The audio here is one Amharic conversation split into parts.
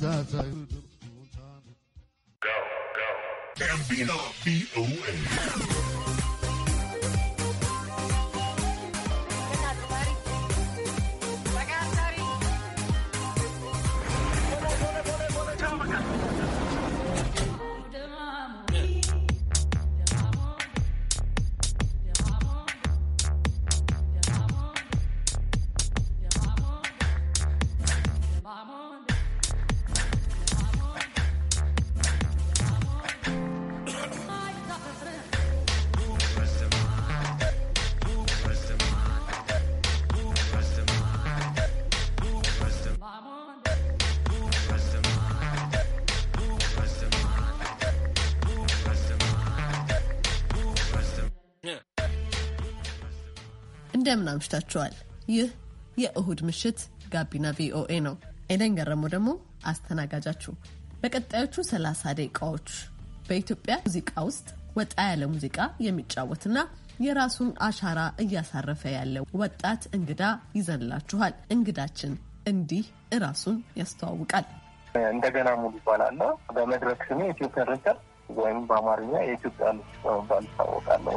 Go, go. Gambino, B-O-A. እንደምን አምሽታችኋል። ይህ የእሁድ ምሽት ጋቢና ቪኦኤ ነው። ኤደን ገረሞ ደግሞ አስተናጋጃችሁ። በቀጣዮቹ 30 ደቂቃዎች በኢትዮጵያ ሙዚቃ ውስጥ ወጣ ያለ ሙዚቃ የሚጫወትና የራሱን አሻራ እያሳረፈ ያለው ወጣት እንግዳ ይዘንላችኋል። እንግዳችን እንዲህ እራሱን ያስተዋውቃል። እንደገና ሙሉ ይባላል። በመድረክ ስሜ ኢትዮጵያ ሪከርድ ወይም በአማርኛ የኢትዮጵያ ልጅ በመባል ይታወቃለሁ።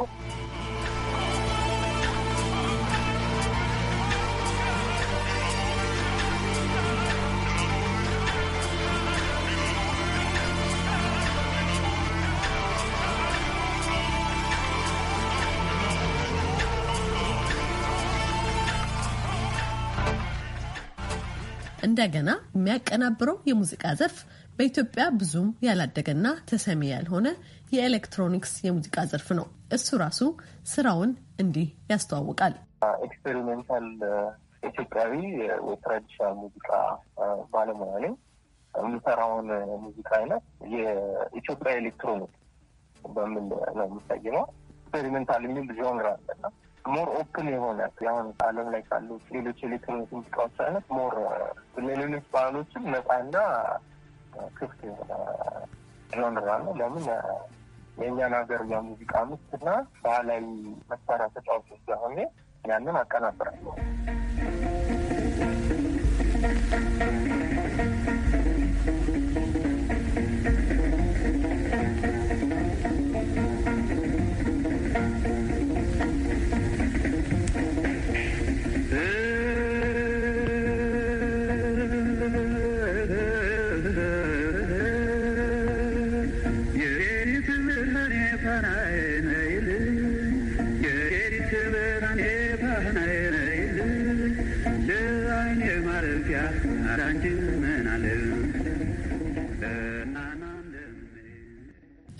እንደገና የሚያቀናብረው የሙዚቃ ዘርፍ በኢትዮጵያ ብዙም ያላደገና ተሰሚ ያልሆነ የኤሌክትሮኒክስ የሙዚቃ ዘርፍ ነው። እሱ ራሱ ስራውን እንዲህ ያስተዋውቃል። ኤክስፔሪሜንታል ኢትዮጵያዊ የትራዲሽናል ሙዚቃ ባለሙያ ነኝ። የምሰራውን ሙዚቃ አይነት የኢትዮጵያ ኤሌክትሮኒክስ በሚል ነው የሚሰየመው። ኤክስፔሪሜንታል የሚል ጆንር አለና ሞር ኦፕን የሆነ አሁን አለም ላይ ካሉ ሌሎች ኤሌክትሮኒክ ሙዚቃዎች አይነት ሞር ሌሎች ባህሎችም ነፃና ክፍት የሆነ ጆንራ ነው። ለምን የእኛን ሀገር የሙዚቃ ምትና ባህላዊ መሳሪያ ተጫዋቾች ስለሆነ ያንን አቀናብራለሁ።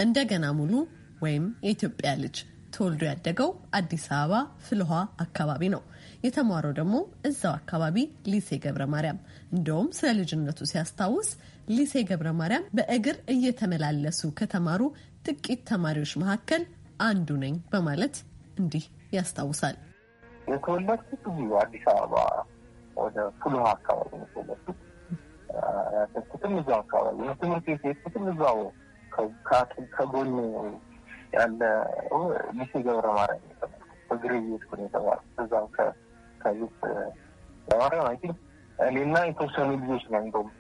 እንደገና ሙሉ ወይም የኢትዮጵያ ልጅ ተወልዶ ያደገው አዲስ አበባ ፍልውሃ አካባቢ ነው። የተማረው ደግሞ እዛው አካባቢ ሊሴ ገብረ ማርያም። እንደውም ስለ ልጅነቱ ሲያስታውስ ሊሴ ገብረ ማርያም በእግር እየተመላለሱ ከተማሩ ጥቂት ተማሪዎች መካከል አንዱ ነኝ በማለት እንዲህ ያስታውሳል። የተወለድኩት አዲስ አበባ ወደ ፉሉሃ አካባቢ ነው የተወለድኩት። ያደኩትም እዛው አካባቢ ነው። ትምህርት ቤት የሄድኩትም እዛው ከጎን ያለ ሚሴ ገብረ ማርያም በግሬ እየሄድኩ ነው እዛው ከቤት ለማርያም አይ ቲንክ እኔና የተወሰኑ ልጆች ነው እንደውም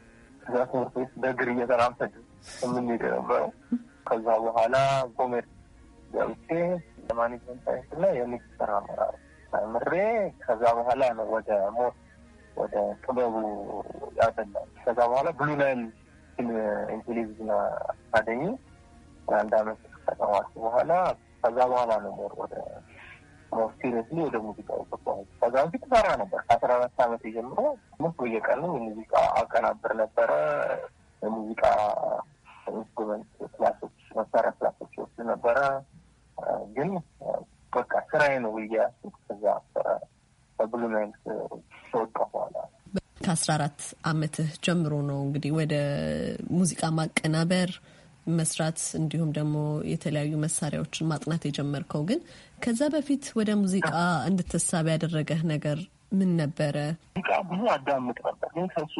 እዛ ትምህርት ቤት በእግር እየተራመድን የምንሄድ ነበረው ከዛ በኋላ ኮሜርስ ገብቼ ለማኔጅመንት ሳይንስ እና የንግድ ስራ አመራር ተምሬ ከዛ በኋላ ነው ወደ ሞት ወደ ጥበቡ ያደላ። ከዛ በኋላ ብሉ ናይል ፊልም ኢንቴሊቪዥን አካደሚ ለአንድ አመት ከተማርኩ በኋላ ከዛ በኋላ ነው ሞር ወደ ሲሪየስሊ ወደ ሙዚቃ ተጓዝ። ከዛ በፊት ሰራ ነበር ከአስራ አራት አመት ጀምሮ ሙስ በየቀኑ የሙዚቃ አቀናብር ነበረ። የሙዚቃ ኢንስትሩመንት ክላሶች መሳሪያ ክላሶች ወስድ ነበረ። ግን በቃ ስራዬ ነው ብዬ ያስኩት ከዛ ስራ በብሉናይት ከወጣሁ በኋላ ከአስራ አራት አመትህ ጀምሮ ነው እንግዲህ ወደ ሙዚቃ ማቀናበር መስራት እንዲሁም ደግሞ የተለያዩ መሳሪያዎችን ማጥናት የጀመርከው። ግን ከዛ በፊት ወደ ሙዚቃ እንድትሳብ ያደረገህ ነገር ምን ነበረ? ሙዚቃ ብዙ አዳምጥ ነበር፣ ግን ከሱ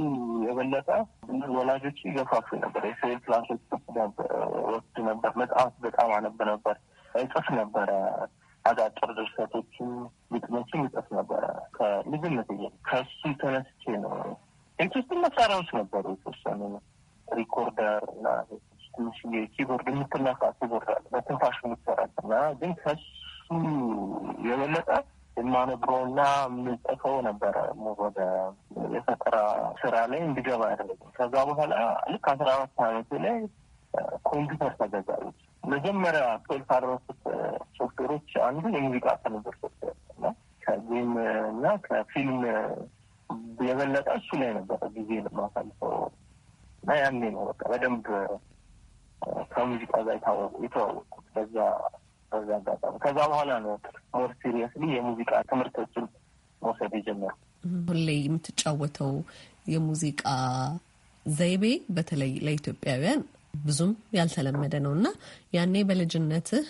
የበለጠ ወላጆች ይገፋፉ ነበር። የስዕል ክላሶች ወስድ ነበር። መጽሐፍ በጣም አነብ ነበር፣ እጽፍ ነበረ። አጫጭር ድርሰቶችን፣ ግጥሞችን እጽፍ ነበረ ከልጅነት። ከሱ ተነስቼ ነው ቤት ውስጥ መሳሪያዎች ነበሩ የተወሰኑ ሪኮርደር እና ትንሽ ኪቦርድ የምትነፋ ኪቦርድ አለ በትንፋሽ የምትሰራ እና ግን ከሱ የበለጠ የማነብረውና የምጽፈው ነበረ ወደ የፈጠራ ስራ ላይ እንዲገባ ያደረገ። ከዛ በኋላ ልክ አስራ አራት አመት ላይ ኮምፒውተር ተገዛለች። መጀመሪያ ቶል ካደረሱት ሶፍትዌሮች አንዱ የሙዚቃ ቅንብር ሶፍትዌር ነው። ከዚህም እና ከፊልም የበለጠ እሱ ላይ ነበረ ጊዜ ማሳልፈው እና ያኔ ነው በቃ በደንብ ከሙዚቃ ጋር የተዋወቁት በዛ በዛ አጋጣሚ ከዛ በኋላ ነው ሞር ሲሪየስሊ የሙዚቃ ትምህርቶችን መውሰድ የጀመሩ። ሁሌ የምትጫወተው የሙዚቃ ዘይቤ በተለይ ለኢትዮጵያውያን ብዙም ያልተለመደ ነው እና ያኔ በልጅነትህ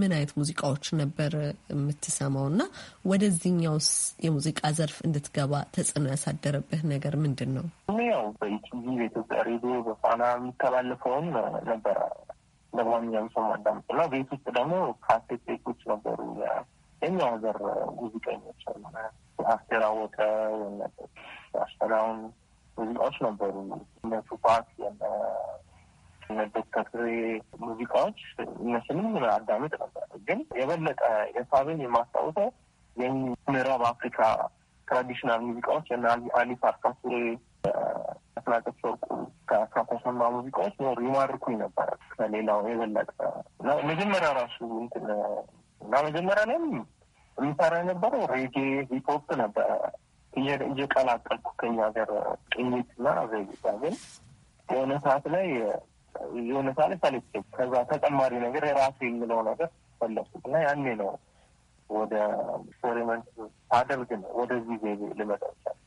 ምን አይነት ሙዚቃዎች ነበር የምትሰማው? እና ወደዚህኛውስ የሙዚቃ ዘርፍ እንድትገባ ተጽዕኖ ያሳደረብህ ነገር ምንድን ነው? ያው በኢቲቪ በኢትዮጵያ ሬዲዮ በፋና የሚተላለፈውን ነበረ? ለማንኛውም ሰው ማዳመጥ እና ቤት ውስጥ ደግሞ ካሴት ቴፖች ነበሩ። የኛ ሀገር ሙዚቀኞች አስቴር አወቀ፣ አስተዳውን ሙዚቃዎች ነበሩ። እነ ቱፓክ እነ ዶክተር ፍሬ ሙዚቃዎች እነሱንም አዳምጥ ነበር። ግን የበለጠ የሳብን የማስታውሰው የምዕራብ አፍሪካ ትራዲሽናል ሙዚቃዎች አሊ ፋርካ ሱሬ አስናቀስ ወርቁ ከአስራኮሰማ ሙዚቃዎች ኖሩ ይማርኩኝ ነበረ ከሌላው የበለጠ መጀመሪያ ራሱ እንትን እና መጀመሪያ ላይም የሚሰራ የነበረው ሬጌ ሂፖፕ ነበረ እየቀላቀልኩ ከኛ ሀገር ቅኝት እና ዜጋ ግን የሆነ ሰዓት ላይ የሆነ ሰዓት ላይ ሰለቸኝ። ከዛ ተጨማሪ ነገር የራሱ የሚለው ነገር ፈለኩት እና ያኔ ነው ወደ ኤክስፔሪመንት አደርግ ነው ወደዚህ ዜ ልመጣ ይቻል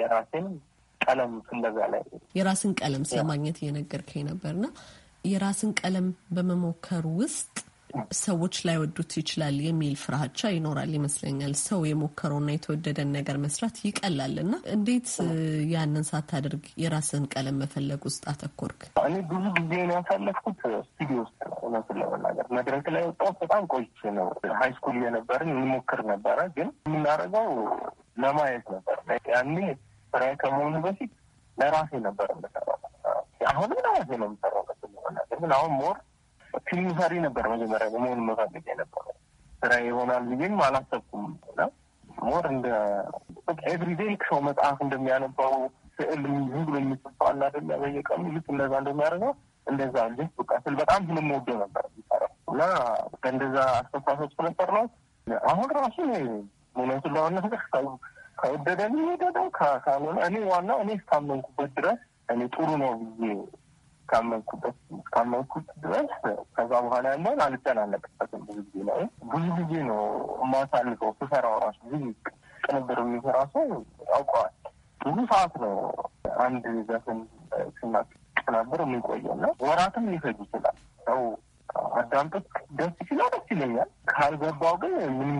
የራሴን ቀለም ፍለጋ ላይ የራስን ቀለም ስለማግኘት እየነገርከኝ ነበርና የራስን ቀለም በመሞከር ውስጥ ሰዎች ላይወዱት ይችላል የሚል ፍራቻ ይኖራል ይመስለኛል። ሰው የሞከረውና የተወደደን ነገር መስራት ይቀላል እና እንዴት ያንን ሳታደርግ የራስን ቀለም መፈለግ ውስጥ አተኮርክ? እኔ ብዙ ጊዜ ያሳለፍኩት ስቱዲዮ ውስጥ እውነቱን ለመናገር መድረክ ላይ ወጣሁት በጣም ቆይቼ ነው። ሀይ ስኩል እየነበርን እንሞክር ነበረ፣ ግን የምናደርገው ለማየት ነበር። ያኔ ስራ ከመሆኑ በፊት ለራሴ ነበር የምሰራው። አሁንም ለራሴ ነው የምሰራው። ግን አሁን ሞር ፊልም ሰሪ ነበር መጀመሪያ በመሆን መፈልግ የነበረ ስራ ይሆናል ብዬም አላሰብኩም ሞር እንደ ኤቭሪዴይ ሰው መጽሐፍ እንደሚያነባው ስዕል ዝም ብሎ የሚጽፋ አለ አይደለ በየቀኑ ልክ እንደዛ እንደሚያደርገው እንደዛ ልጅ በቃ ስል በጣም ስለምወደው ነበር እና ከእንደዛ አስተሳሰብ ስለሰር ነው አሁን ራሱ እውነቱን ለመናገር ከወደደ ሚሄደው ካልሆነ እኔ ዋና እኔ እስካመንኩበት ድረስ እኔ ጥሩ ነው ብዬ እስካመንኩበት እስካመንኩት ድረስ ከዛ በኋላ ያለውን አልጨናነቅበትም። ብዙ ጊዜ ነው ብዙ ጊዜ ነው የማሳልፈው ስሰራው ራሱ ብዙ ቅንብር የሚሰራ ሰው ያውቀዋል። ብዙ ሰዓት ነው አንድ ዘፈን ቅንብር የምንቆየው እና ወራትም ሊፈጅ ይችላል። ሰው አዳምጦት ደስ ይችላ ደስ ይለኛል። ካልገባው ግን ምንም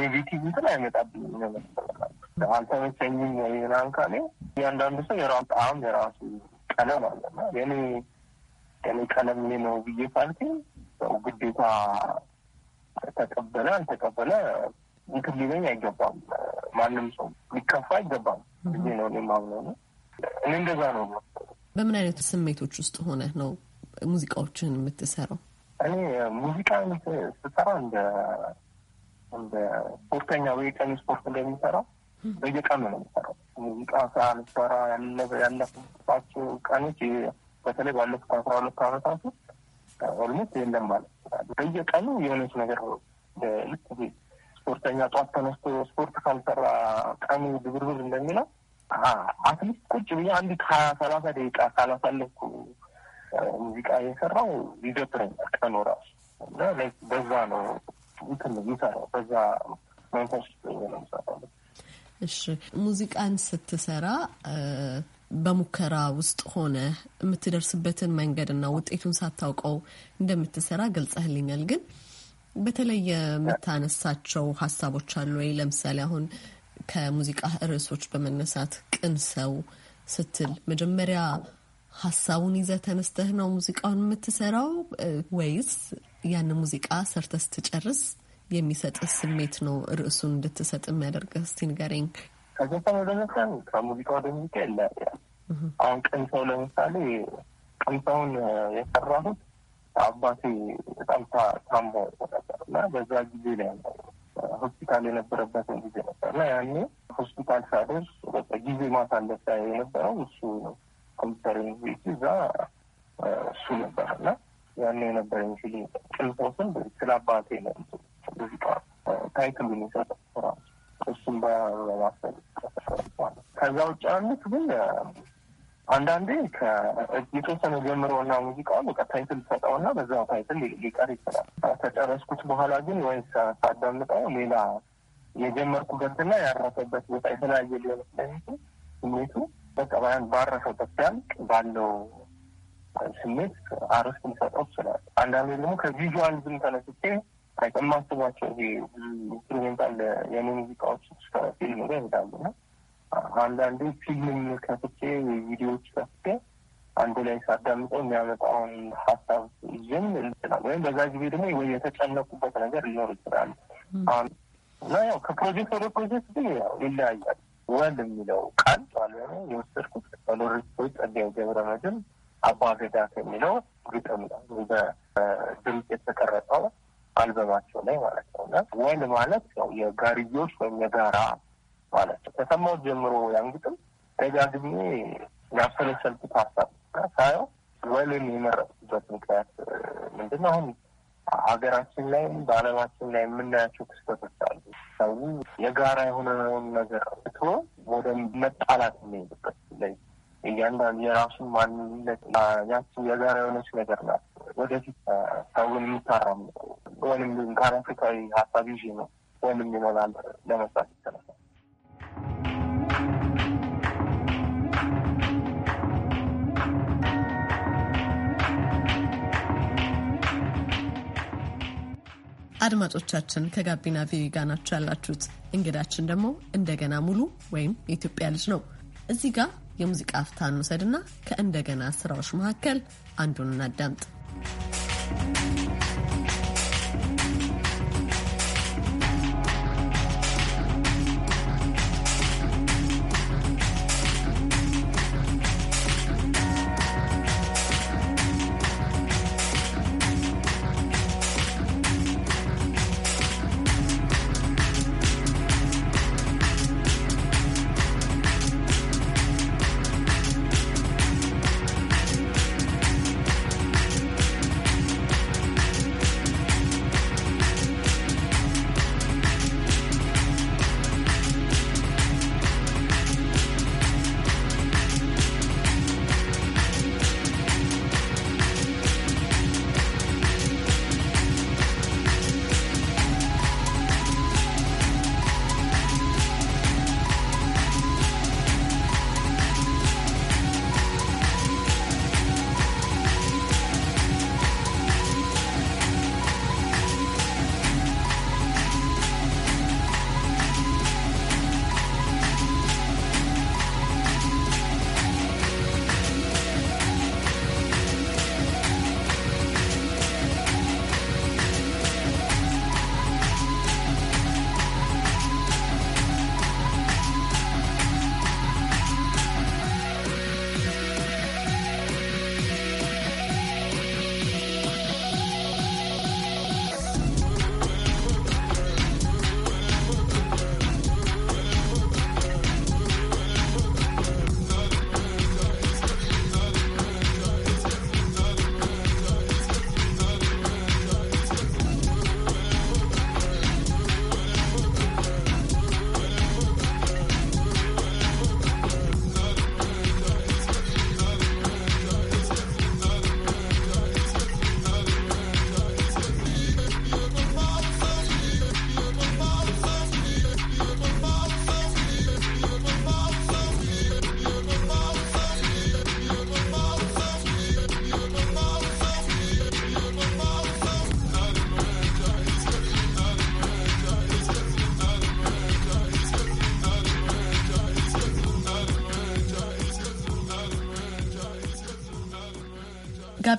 ኔጌቲቭ እንትን አይመጣብኝ። ይመስለኛል። አልተመቸኝም ወይ ምናምን ካለ እያንዳንዱ ሰው የራሱ ጣዕም የራሱ ቀለም አለና የኔ እኔ ቀለሜ ነው ብዬ ፓርቲ ሰው ግዴታ ተቀበለ አልተቀበለ እንትን ሊለኝ አይገባም። ማንም ሰው ሊከፋ አይገባም ብዬ ነው እኔ የማምነው ነው። እኔ እንደዛ ነው። በምን አይነት ስሜቶች ውስጥ ሆነ ነው ሙዚቃዎችን የምትሰራው? እኔ ሙዚቃ ስሰራ እንደ እንደ ስፖርተኛ በየቀኑ ስፖርት እንደሚሰራው በየቀኑ ነው የሚሰራው ሙዚቃ ሳልሰራ ያለፉባቸው ቀኖች በተለይ ባለፉት አስራ ሁለት አመታት ኦልሞስት የለም ማለት በየቀኑ የሆነች ነገር ልክ ስፖርተኛ ጧት ተነስቶ ስፖርት ካልሰራ ቀኑ ድብርብር እንደሚለው አትሊስት ቁጭ ብዬ አንዲት ሀያ ሰላሳ ደቂቃ ካላሳለፍኩ ሙዚቃ የሰራው ይደብረኛል ቀኑ ራሱ እና በዛ ነው እንትን የሚሰራው በዛ መንፈስ ነው ሰራ እሺ ሙዚቃን ስትሰራ በሙከራ ውስጥ ሆነ የምትደርስበትን መንገድና ውጤቱን ሳታውቀው እንደምትሰራ ገልጸህልኛል። ግን በተለይ የምታነሳቸው ሀሳቦች አሉ ወይ? ለምሳሌ አሁን ከሙዚቃ ርዕሶች በመነሳት ቅን ሰው ስትል መጀመሪያ ሀሳቡን ይዘህ ተነስተህ ነው ሙዚቃውን የምትሰራው ወይስ ያን ሙዚቃ ሰርተህ ስትጨርስ የሚሰጥህ ስሜት ነው ርዕሱን እንድትሰጥ የሚያደርገህ? እስቲ ንገረኝ። ከዘፈን ወደ መዝፈን ከሙዚቃ ወደ ሙዚቃ አሁን ቅን ሰው ለምሳሌ ቅን ሰውን የሰራሁት አባቴ በጣም ታሞ ነበርና በዛ ጊዜ ላይ ነው ሆስፒታል የነበረበትን ጊዜ ነበርና ያኔ ሆስፒታል ሳደርስ በቃ ጊዜ ማሳለፍ የነበረው እሱ ኮምፒተር ኮምፒውተር ዩኒቨርሲቲ እዛ እሱ ነበር እና ያኔ የነበረ ምስል ቅን ሰው ስለ አባቴ ነው ሙዚቃ ታይትሉን የሰጠው ስራ እሱም በማሰብ ከዛ ውጭ ያሉት ግን አንዳንዴ የተወሰነ ጀምረውና ሙዚቃ በቃ ታይትል ሰጠውና በዛው ታይትል ሊቀር ይችላል። ከጨረስኩት በኋላ ግን ወይ ሳዳምጠው ሌላ የጀመርኩበትና ያረፈበት ቦታ የተለያየ ሊሆን ስለሚችል ስሜቱ በቃ ባረፈበት ሲያልቅ ባለው ስሜት አርስት ሊሰጠው ይችላል። አንዳንዴ ደግሞ ከቪዥዋል ዝም ተነስቼ የማስባቸው ይሄ ኢንስትሩሜንታል የኔ ሙዚቃዎች እስከ ፊልም ጋር ይሄዳሉ ና አንዳንዴ ፊልም ከፍቼ ወይ ቪዲዮዎች ከፍቼ አንዱ ላይ ሳዳምጠው የሚያመጣውን ሀሳብ ይዝም ይችላል። ወይም በዛ ጊዜ ደግሞ ወይ የተጨነቁበት ነገር ሊኖር ይችላል። እና ያው ከፕሮጀክት ወደ ፕሮጀክት ግን ያው ይለያያል። ወል የሚለው ቃል ባለሆነ የወሰድኩት በሎሬቶች ጸጋዬ ገብረመድኅን አባገዳ ከሚለው ግጥም ነው በድምጽ የተቀረጸው አልበማቸው ላይ ማለት ነው። እና ወል ማለት ያው የጋርዮች ወይም የጋራ ማለት ነው። ከሰማሁት ጀምሮ ያን ግጥም ደጋግሜ ያፈለሰልኩት ሀሳብ ሳየው ወይም የመረጥኩበት ምክንያት ምንድን ነው? አሁን ሀገራችን ላይ በዓለማችን ላይ የምናያቸው ክስተቶች አሉ። ሰው የጋራ የሆነውን ነገር ትቶ ወደ መጣላት የሚሄድበት ላይ እያንዳንዱ የራሱን ማንነት ያቸው የጋራ የሆነች ነገር ናት። ወደፊት ሰውን የምታራምጠው ወይም ከአፍሪካዊ ሀሳብ ይዤ ነው ወይም ይሆናል ለመስራት ይተነሳል አድማጮቻችን ከጋቢና ቪኦኤ ጋር ናችሁ ያላችሁት። እንግዳችን ደግሞ እንደገና ሙሉ ወይም የኢትዮጵያ ልጅ ነው። እዚህ ጋር የሙዚቃ አፍታ እንውሰድና ከእንደገና ስራዎች መካከል አንዱን እናዳምጥ።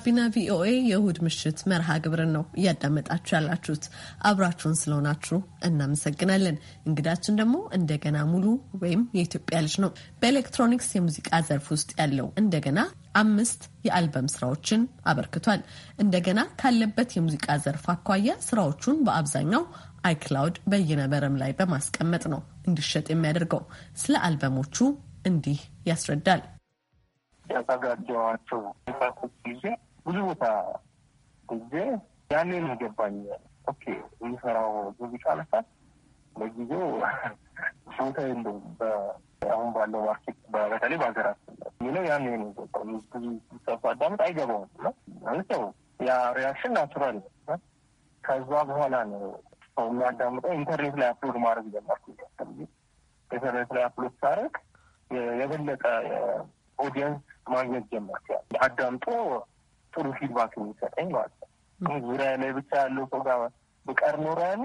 ጋቢና ቪኦኤ የእሁድ ምሽት መርሃ ግብርን ነው እያዳመጣችሁ ያላችሁት። አብራችሁን ስለሆናችሁ እናመሰግናለን። እንግዳችን ደግሞ እንደገና ሙሉ ወይም የኢትዮጵያ ልጅ ነው። በኤሌክትሮኒክስ የሙዚቃ ዘርፍ ውስጥ ያለው እንደገና አምስት የአልበም ስራዎችን አበርክቷል። እንደገና ካለበት የሙዚቃ ዘርፍ አኳያ ስራዎቹን በአብዛኛው አይክላውድ በይነ ላይ በማስቀመጥ ነው እንዲሸጥ የሚያደርገው። ስለ አልበሞቹ እንዲህ ያስረዳል። ያዘጋጀዋቸው ጊዜ ብዙ ቦታ ጊዜ ያኔ ነው ገባኝ። ኦኬ የሚሰራው ሙዚቃ ለሳት ለጊዜው ቦታ የለውም አሁን ባለው ማርኬት በተለይ በሀገራት የሚለው ያኔ ነው ገባኝ። ብዙ ሰው አዳምጥ አይገባውም ማለት ያው ያ ሪያክሽን ናቹራል ከዛ በኋላ ነው ሰው የሚያዳምጠው። ኢንተርኔት ላይ አፕሎድ ማድረግ ጀመርኩ። ኢንተርኔት ላይ አፕሎድ ሳደርግ የበለጠ ኦዲየንስ ማግኘት ጀመርኩ። አዳምጦ ጥሩ ፊድባክ የሚሰጠኝ ማለት ነው። ዙሪያ ላይ ብቻ ያለው ሰው ጋር ብቀር ኖረ ያለ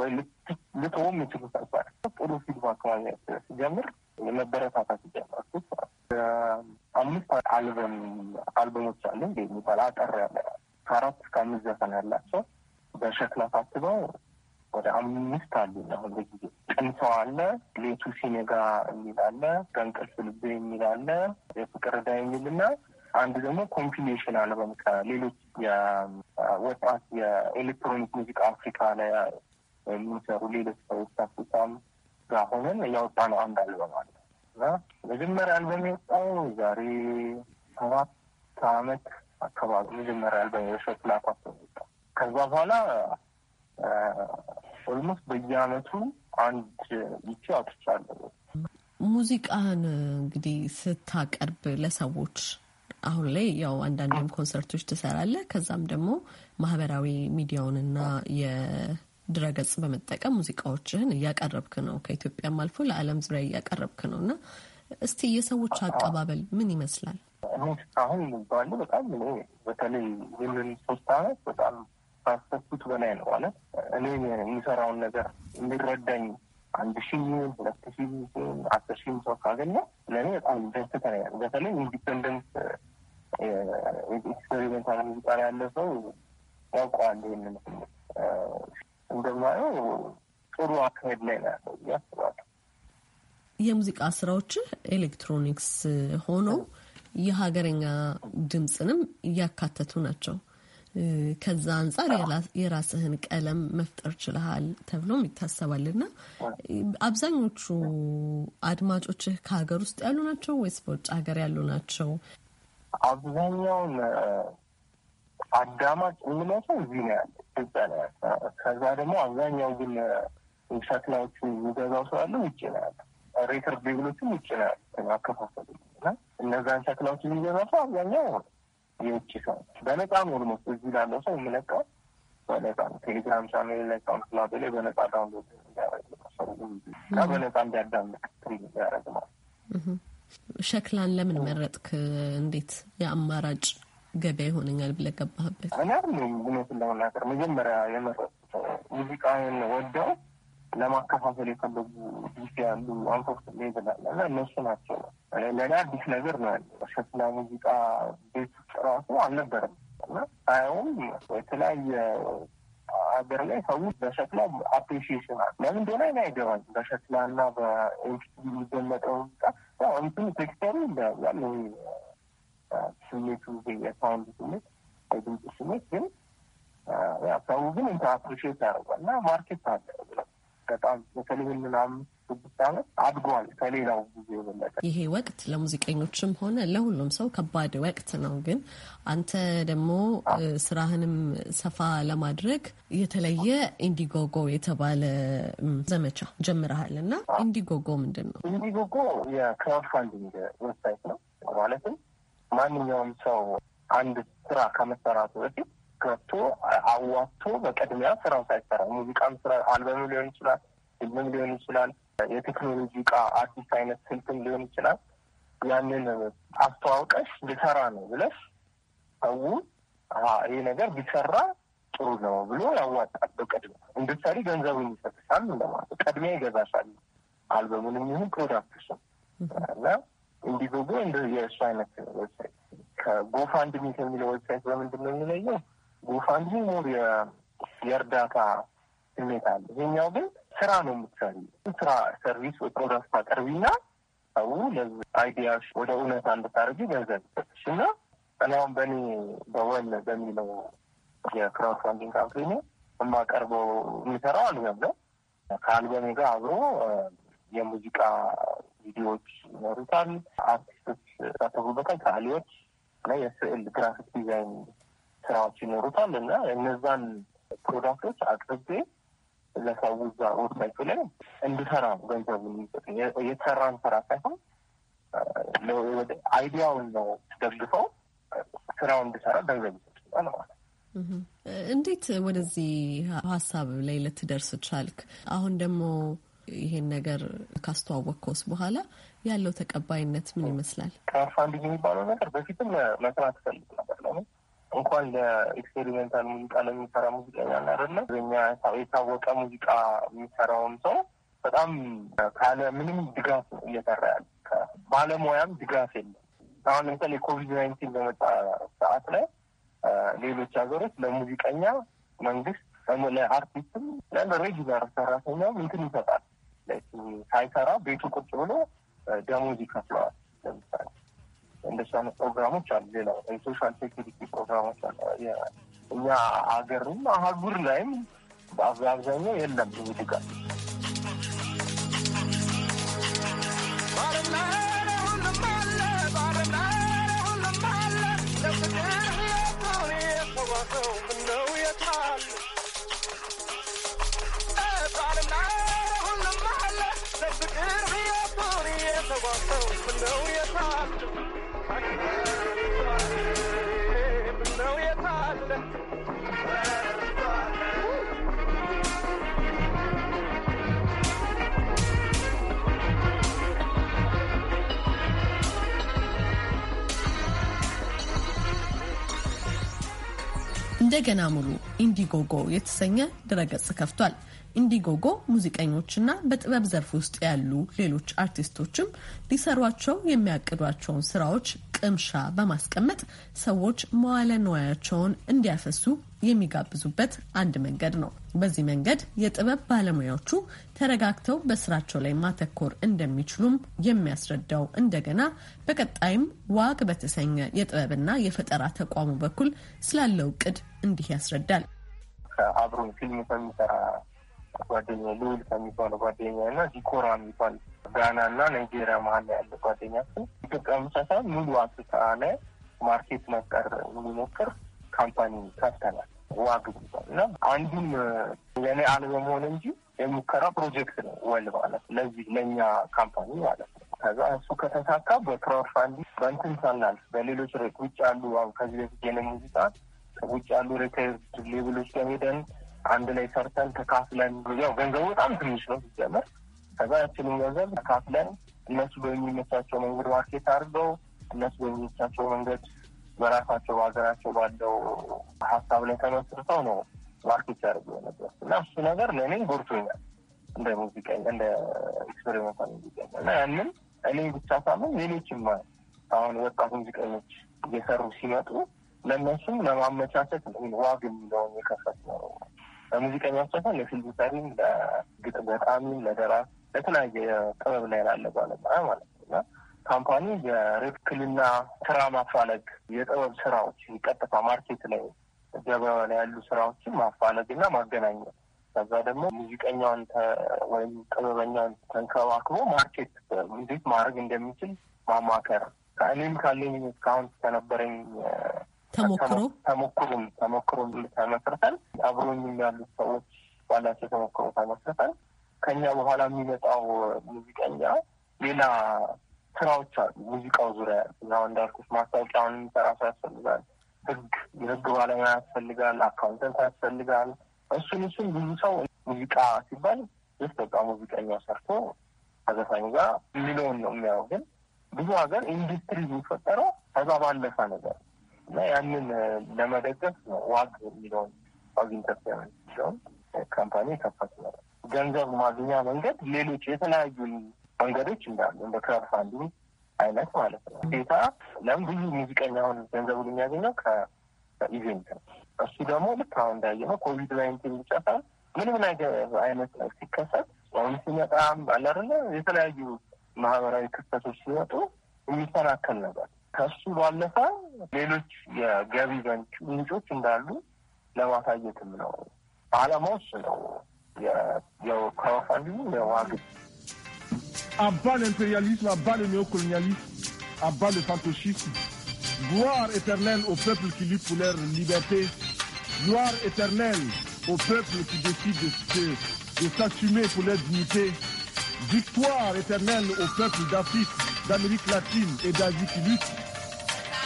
ወይ ልትወም ይችሉ ተባል ጥሩ ፊድባክ ማግኘት ሲጀምር መበረታታት ይጀምራል። አምስት አልበም አልበሞች አለ እንደ የሚባል አጠር አንዱ ደግሞ ኮምፒሌሽን አለ። ሌሎች የወጣት የኤሌክትሮኒክ ሙዚቃ አፍሪካ ላይ የሚሰሩ ሌሎች ሰዎች አፍሪካም ጋር ሆነን እያወጣ ነው አንድ አልበም አለ እና መጀመሪያ አልበም የወጣው ዛሬ ሰባት አመት አካባቢ መጀመሪያ አልበም የሸት ላኳቸው ወጣ። ከዛ በኋላ ኦልሞስት በየአመቱ አንድ ይቺ አውጥቻለሁ። ሙዚቃን እንግዲህ ስታቀርብ ለሰዎች አሁን ላይ ያው አንዳንድም ኮንሰርቶች ትሰራለህ፣ ከዛም ደግሞ ማህበራዊ ሚዲያውንና የድረገጽ በመጠቀም ሙዚቃዎችህን እያቀረብክ ነው። ከኢትዮጵያም አልፎ ለዓለም ዙሪያ እያቀረብክ ነው እና እስቲ የሰዎች አቀባበል ምን ይመስላል? አሁን ባሉ በጣም በተለይ ይህንን ሶስት አመት በጣም ካሰብኩት በላይ ነው ማለት እኔ የሚሰራውን ነገር እንዲረዳኝ አንድ ሺህም ሁለት ሺህም አስር ሺህም ሰው ካገኘ ለእኔ በጣም ደስተኛ ነው። በተለይ ኢንዲፐንደንት ኤክስፐሪመንታል ሙዚቃ ያለ ሰው ያውቀዋል። ይህንን እንደማየው ጥሩ አካሄድ ላይ ነው ያለው ያስባለሁ። የሙዚቃ ስራዎች ኤሌክትሮኒክስ ሆነው የሀገረኛ ድምፅንም እያካተቱ ናቸው። ከዛ አንጻር የራስህን ቀለም መፍጠር ችልሃል ተብሎም ይታሰባል። ይታሰባልና አብዛኞቹ አድማጮችህ ከሀገር ውስጥ ያሉ ናቸው ወይስ በውጭ ሀገር ያሉ ናቸው? አብዛኛውን አዳማጭ የምንመሰው እዚህ ነው ያለ ኢትዮጵያ ነው ያለ። ከዛ ደግሞ አብዛኛው ግን ሸክላዎቹ የሚገዛው ሰው ያለ ውጭ ነው ያለ። ሬከርድ ሌብሎችም ውጭ ነው ያለ አከፋፈሉ እነዛን ሸክላዎች የሚገዛ ሰው አብዛኛው የውጭ ሰው በነጻ ኖርሞስ እዚህ ላለው ሰው የምለቀው በነጻ ነው። ቴሌግራም ቻናል ለቃም ስላቤ ላይ በነጻ ዳውንሎድ እንዲያደረግ ሰው እና በነጻ እንዲያዳምቅ እንዲያደረግ ማለት ሸክላን ለምን መረጥክ? እንዴት የአማራጭ ገበያ ይሆነኛል ብለህ ገባህበት? እኔ እውነቱን ለመናገር መጀመሪያ የመረጥኩት ሙዚቃን ወደው ለማከፋፈል የፈለጉ ጊዜ ያሉ አንኮክት ላይ ይበላልና እነሱ ናቸው። ለእኔ አዲስ ነገር ነው። ሸክላ ሙዚቃ ቤት ውስጥ ራሱ አልነበረም እና አሁን የተለያየ ሀገር ላይ ሰው በሸክላ አፕሪሺዬሽን አለ። ለምን እንደሆነ እኔ አይገባኝ። በሸክላ እና በኤንስቲ የሚደመጠው ሙዚቃ ያው እንትኑ ቴክስተሩ እንደያዛል ስሜቱ የሳውንድ ስሜት የድምፅ ስሜት ግን ሰው ግን ኢንተር አፕሪሺዬት ያደርጓል እና ማርኬት አለ በጣም በተለይ ምናም አድጓል ከሌላው ጊዜ የበለጠ። ይሄ ወቅት ለሙዚቀኞችም ሆነ ለሁሉም ሰው ከባድ ወቅት ነው። ግን አንተ ደግሞ ስራህንም ሰፋ ለማድረግ የተለየ ኢንዲጎጎ የተባለ ዘመቻ ጀምረሃል እና ኢንዲጎጎ ምንድን ነው? ኢንዲጎጎ የክራውድ ፋንዲንግ ዌብሳይት ነው። ማለትም ማንኛውም ሰው አንድ ስራ ከመሰራቱ በፊት ወጥቶ አዋጥቶ በቅድሚያ ስራው ሳይሰራ ሙዚቃም ስራ አልበም ሊሆን ይችላል፣ ፊልምም ሊሆን ይችላል፣ የቴክኖሎጂ እቃ አዲስ አይነት ስልትም ሊሆን ይችላል። ያንን አስተዋውቀሽ ልሰራ ነው ብለሽ ሰው ይሄ ነገር ቢሰራ ጥሩ ነው ብሎ ያዋጣል። በቅድሚያ እንድትሰሪ ገንዘቡን ይሰጥሻል እንደማለት ቅድሚያ ይገዛሻል፣ አልበሙንም ይሁን ፕሮዳክትሽን እና እንዲጎጎ እንደ የእሱ አይነት ዌብሳይት ከጎፋንድሚ ከሚለው ዌብሳይት በምንድን ነው የሚለየው? ጎፋንድሚ ሞር የእርዳታ ስሜት አለ። ይሄኛው ግን ስራ ነው የምትሰሪ ስራ ሰርቪስ ወይ ፕሮዳክት ታቀርቢና ሰው ለዚ አይዲያ ወደ እውነት እንድታደርጊ ገንዘብ ይሰጥሽ እና እናሁን በእኔ በወል በሚለው የክራውድፋንዲንግ ፋንዲንግ ካምፕኒ የማቀርበው የሚሰራው አልበም ነው። ከአልበሜ ጋር አብሮ የሙዚቃ ቪዲዮዎች ይኖሩታል። አርቲስቶች ይሳተፉበታል። ከአሊዎች እና የስዕል ግራፊክ ዲዛይን ስራዎች ይኖሩታል እና እነዛን ፕሮዳክቶች አቅርቤ ለሰው እዛ ወብሳይቱ ላይ እንድሰራ ነው ገንዘቡ የሚሰጠኝ። የተሰራን ስራ ሳይሆን አይዲያውን ነው ደግፈው ስራው እንድሰራ ገንዘብ ይሰጠኛል ማለት ነው። እንዴት ወደዚህ ሀሳብ ላይ ልትደርስ ቻልክ? አሁን ደግሞ ይሄን ነገር ካስተዋወቅከውስ በኋላ ያለው ተቀባይነት ምን ይመስላል? ክራውድፋንዲንግ የሚባለው ነገር በፊትም መስራት ፈልግ እንኳን ለኤክስፔሪሜንታል ሙዚቃ ለሚሰራ ሙዚቀኛ አይደለ እኛ የታወቀ ሙዚቃ የሚሰራውን ሰው በጣም ካለ ምንም ድጋፍ ነው እየሰራ ያለ። ባለሙያም ድጋፍ የለም። አሁን ለምሳሌ የኮቪድ ናይንቲን በመጣ ሰዓት ላይ ሌሎች ሀገሮች ለሙዚቀኛ መንግስት፣ ለአርቲስትም፣ ለሬጊዛር ሰራተኛም እንትን ይሰጣል። ሳይሰራ ቤቱ ቁጭ ብሎ ደሞዝ ይከፍለዋል ለምሳሌ Indonesian program macam ni lah. Itu kan satu kiri program macam ni. Ia agak rumah agur lain, bahagian yang lain እንደገና ሙሉ ኢንዲጎጎ የተሰኘ ድረገጽ ከፍቷል። ኢንዲጎጎ ሙዚቀኞችና በጥበብ ዘርፍ ውስጥ ያሉ ሌሎች አርቲስቶችም ሊሰሯቸው የሚያቅዷቸውን ስራዎች ቅምሻ በማስቀመጥ ሰዎች መዋለ ንዋያቸውን እንዲያፈሱ የሚጋብዙበት አንድ መንገድ ነው። በዚህ መንገድ የጥበብ ባለሙያዎቹ ተረጋግተው በስራቸው ላይ ማተኮር እንደሚችሉም የሚያስረዳው እንደገና በቀጣይም ዋግ በተሰኘ የጥበብና የፈጠራ ተቋሙ በኩል ስላለው እቅድ እንዲህ ያስረዳል። አብሮ ፊልም ከሚሰራ ጓደኛ ልውል ከሚባለው ጓደኛ እና ዲኮራ የሚባል ጋና እና ናይጄሪያ መሀል ላይ ያለ ጓደኛ ኢትዮጵያ ምሳሳ ሙሉ አፍሪካ ላይ ማርኬት መቀር የሚሞክር ካምፓኒ ከፍተናል። ዋግ ይባል እና አንዱም የኔ አልበም ሆነ እንጂ የሙከራ ፕሮጀክት ነው ወል ማለት ለዚህ ለእኛ ካምፓኒ ማለት ነው። ከዛ እሱ ከተሳካ በክራውድ ፋንዲንግ በእንትን ሳናልፍ በሌሎች ውጭ ያሉ ከዚህ በፊት የነ ሙዚቃ ውጭ ያሉ ሬከርድ ሌብሎች ከሄደን አንድ ላይ ሰርተን ተካፍለን፣ ያው ገንዘቡ በጣም ትንሽ ነው ሲጀምር። ከዛ ያችንን ገንዘብ ተካፍለን እነሱ በሚመቻቸው መንገድ ማርኬት አድርገው እነሱ በሚመቻቸው መንገድ በራሳቸው በሀገራቸው ባለው ሀሳብ ላይ ተመስርተው ነው ማርኬት ያደርገ ነበር እና እሱ ነገር ለእኔ ጎርቶኛል እንደ ሙዚቀኛ እንደ ኤክስፔሪመንታል ሙዚቀኛ እና ያንን እኔ ብቻ ሳምን ሌሎችም አሁን ወጣት ሙዚቀኞች እየሰሩ ሲመጡ ለእነሱም ለማመቻቸት ዋግ የሚለውን የከፈት ነው ለሙዚቀኛ የሚያስቸፋል ለፊልም ሰሪም፣ ለግጥም ገጣሚም፣ ለደራሲ ለተለያየ ጥበብ ላይ ላለ ባለሙያ ማለት ነው እና ካምፓኒ የርክልና ስራ ማፋለግ የጥበብ ስራዎች ቀጥታ ማርኬት ላይ ገበያ ላይ ያሉ ስራዎችን ማፋለግ እና ማገናኘት ከዛ ደግሞ ሙዚቀኛውን ወይም ጥበበኛውን ተንከባክቦ ማርኬት እንዴት ማድረግ እንደሚችል ማማከር ከእኔም ካለኝ እስካሁን ከነበረኝ ተሞክሮ ተሞክሮም ተሞክሮ ተመስርተን አብሮኝም ያሉት ሰዎች ባላቸው ተሞክሮ ተመስርተን ከኛ በኋላ የሚመጣው ሙዚቀኛ ሌላ ስራዎች አሉ። ሙዚቃው ዙሪያ ያው እንዳልኩት ማስታወቂያውን የሚሰራ ሰው ያስፈልጋል። ህግ የህግ ባለሙያ ያስፈልጋል። አካውንተንት ያስፈልጋል። እሱን እሱን ብዙ ሰው ሙዚቃ ሲባል ስ በቃ ሙዚቀኛው ሰርቶ ከዘፋኝ ጋር የሚለውን ነው የሚያው። ግን ብዙ ሀገር ኢንዱስትሪ የሚፈጠረው ከዛ ባለፈ ነገር እና ያንን ለመደገፍ ዋግ የሚለውን ዋግ ኢንተርቴንመንት ሲሆን ካምፓኒ ከፈት ገንዘብ ማግኛ መንገድ ሌሎች የተለያዩ መንገዶች እንዳሉ እንደ ክራውድ ፋንዲንግ አይነት ማለት ነው። ቤታ ለም ብዙ ሙዚቀኛውን ገንዘቡ የሚያገኘው ከኢቬንት ነው። እሱ ደግሞ ልክ አሁን እንዳየነው ኮቪድ ናይንቲን ብቻ ምንም ነገር አይነት ሲከሰት ወይም ሲመጣ አላርነ የተለያዩ ማህበራዊ ክስተቶች ሲመጡ የሚሰናከል ነበር። À bas l'impérialisme, abat le néocolonialisme, à le fantoschisme, gloire éternelle au peuple qui lutte pour leur liberté, gloire éternelle au peuple qui décide de, s'assumer pour leur dignité, victoire éternelle au peuple d'Afrique, d'Amérique latine et d'Asie qui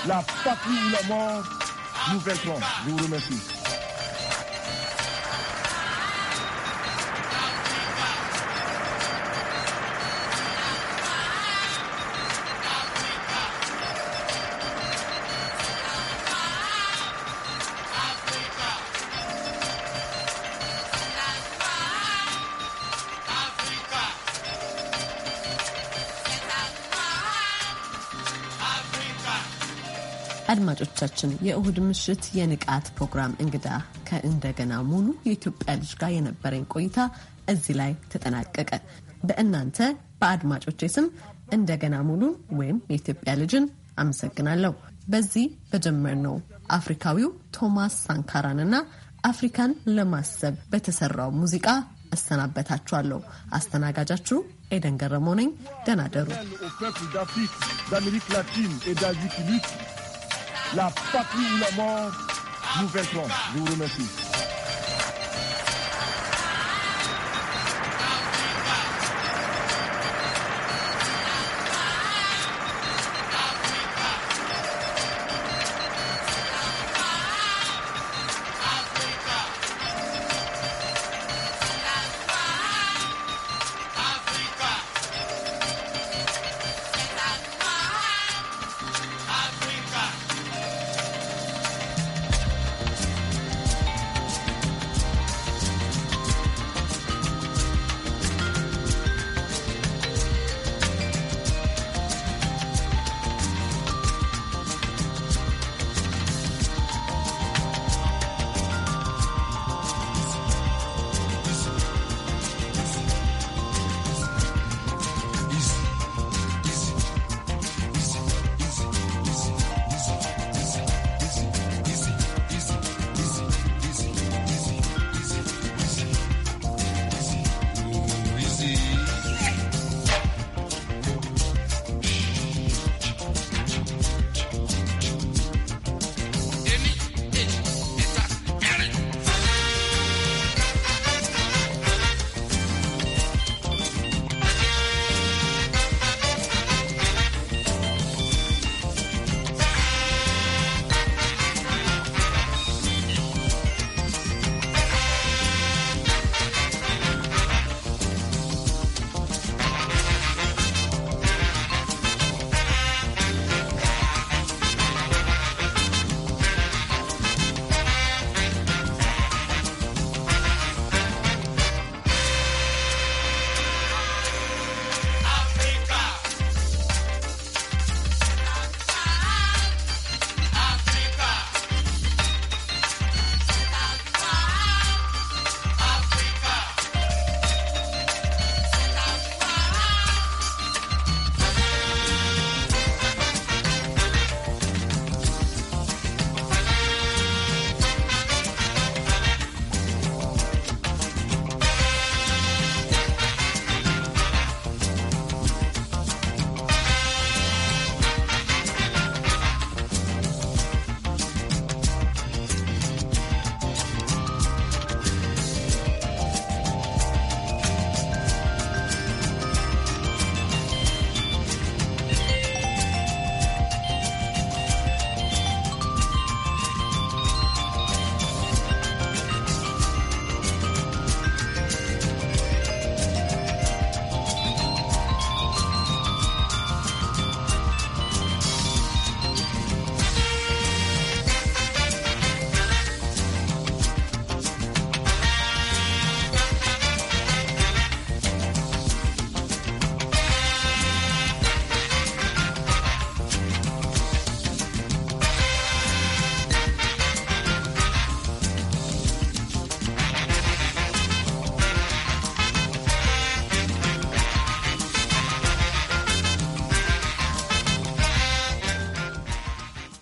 la patrie et la mort, nous vaincrons. Je vous remercie. አድማጮቻችን የእሁድ ምሽት የንቃት ፕሮግራም እንግዳ ከእንደገና ሙሉ የኢትዮጵያ ልጅ ጋር የነበረኝ ቆይታ እዚህ ላይ ተጠናቀቀ። በእናንተ በአድማጮቼ ስም እንደገና ሙሉ ወይም የኢትዮጵያ ልጅን አመሰግናለሁ። በዚህ በጀመርነው አፍሪካዊው ቶማስ ሳንካራንና አፍሪካን ለማሰብ በተሰራው ሙዚቃ እሰናበታችኋለሁ። አስተናጋጃችሁ ኤደን ገረመው ነኝ። ደሩ። la patrie ou la mort nous vêtons. Je vous remercie.